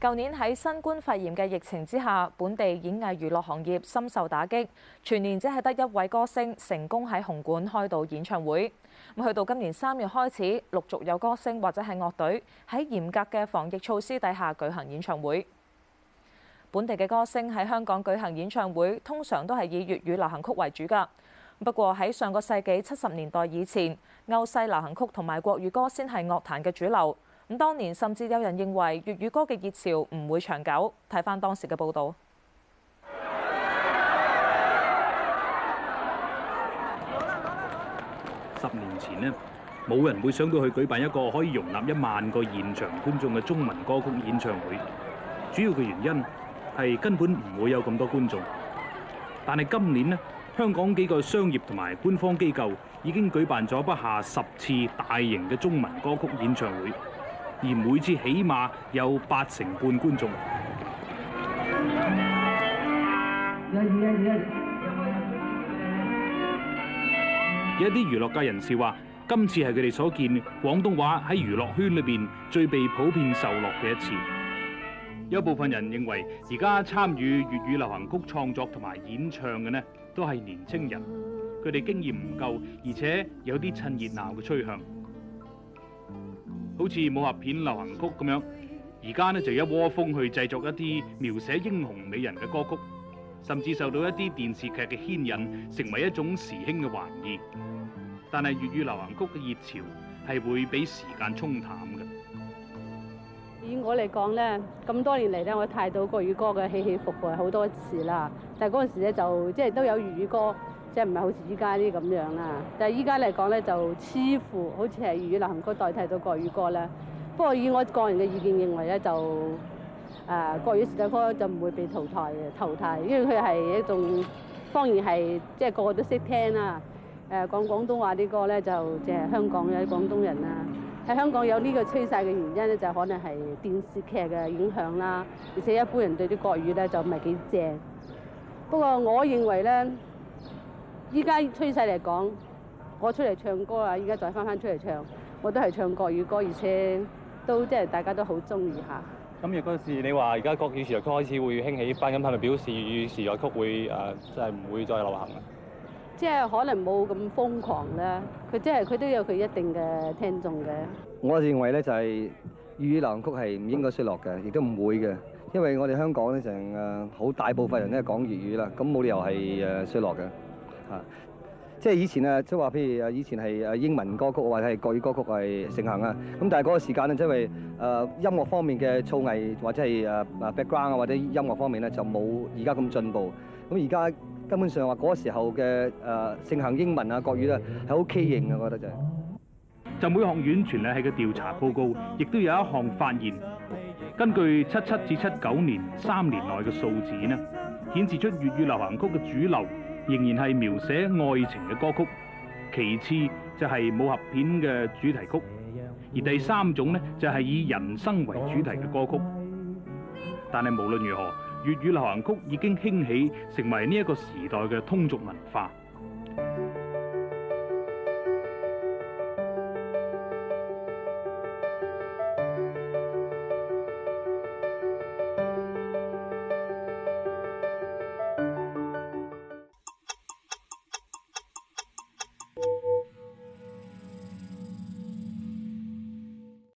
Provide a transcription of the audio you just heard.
舊年喺新冠肺炎嘅疫情之下，本地演藝娛樂行業深受打擊，全年只係得一位歌星成功喺紅館開到演唱會。咁去到今年三月開始，陸續有歌星或者係樂隊喺嚴格嘅防疫措施底下舉行演唱會。本地嘅歌星喺香港舉行演唱會，通常都係以粵語流行曲為主㗎。不過喺上個世紀七十年代以前，歐西流行曲同埋國語歌先係樂壇嘅主流。咁，當年甚至有人認為粵語歌嘅熱潮唔會長久。睇返當時嘅報道，十年前呢，冇人會想到去舉辦一個可以容納一萬個現場觀眾嘅中文歌曲演唱會。主要嘅原因係根本唔會有咁多觀眾。但係今年呢，香港幾個商業同埋官方機構已經舉辦咗不下十次大型嘅中文歌曲演唱會。而每次起碼有八成半觀眾。有一啲娛樂界人士話：今次係佢哋所見廣東話喺娛樂圈裏邊最被普遍受落嘅一次。有部分人認為，而家參與粵語流行曲創作同埋演唱嘅呢，都係年青人，佢哋經驗唔夠，而且有啲趁熱鬧嘅趨向。好似武俠片流行曲咁樣，而家呢就一窩蜂去製作一啲描寫英雄美人嘅歌曲，甚至受到一啲電視劇嘅牽引，成為一種時興嘅玩意。但係粵語流行曲嘅熱潮係會俾時間沖淡嘅。以我嚟講呢，咁多年嚟呢，我睇到國語歌嘅起起伏伏好多次啦。但係嗰陣時咧就即係、就是、都有粵語歌。即係唔係好似依家啲咁樣啊？但係依家嚟講咧，就似乎好似係粵語流行歌代替咗國語歌啦。不過以我個人嘅意見認為咧，就誒、呃、國語時代歌就唔會被淘汰淘汰，因為佢係一種方言，係即係個個都識聽啦、啊。誒、呃、講廣東話啲歌咧，就即係香港有啲廣東人啊。喺香港有呢個趨勢嘅原因咧，就可能係電視劇嘅影響啦。而且一般人對啲國語咧就唔係幾正。不過我認為咧。依家趨勢嚟講，我出嚟唱歌啊！依家再翻翻出嚟唱，我都係唱國語歌，而且都即係大家都好中意嚇。咁若果係你話，而家國語時代曲開始會興起翻，咁係咪表示粵語時代曲會誒即係唔會再流行啊？即係可能冇咁瘋狂啦。佢即係佢都有佢一定嘅聽眾嘅。我認為咧就係、是、粵語，語流行曲係唔應該衰落嘅，亦都唔會嘅，因為我哋香港咧成誒好大部分人都係講粵語啦，咁冇、嗯、理由係誒衰落嘅。啊，即係以前啊，即係話譬如啊，以前係誒英文歌曲或者係國語歌曲係盛行啊，咁但係嗰個時間咧，因為誒音樂方面嘅造詣或者係誒誒 background 或者音樂方面咧就冇而家咁進步，咁而家根本上話嗰個時候嘅誒盛行英文啊國語咧係好畸形嘅，我覺得就係。浸會學院傳理系嘅調查報告，亦都有一項發現，根據七七至七九年三年內嘅數字咧，顯示出粵語流行曲嘅主流。仍然係描寫愛情嘅歌曲，其次就係武俠片嘅主題曲，而第三種咧就係以人生為主題嘅歌曲。但係無論如何，粵語流行曲已經興起，成為呢一個時代嘅通俗文化。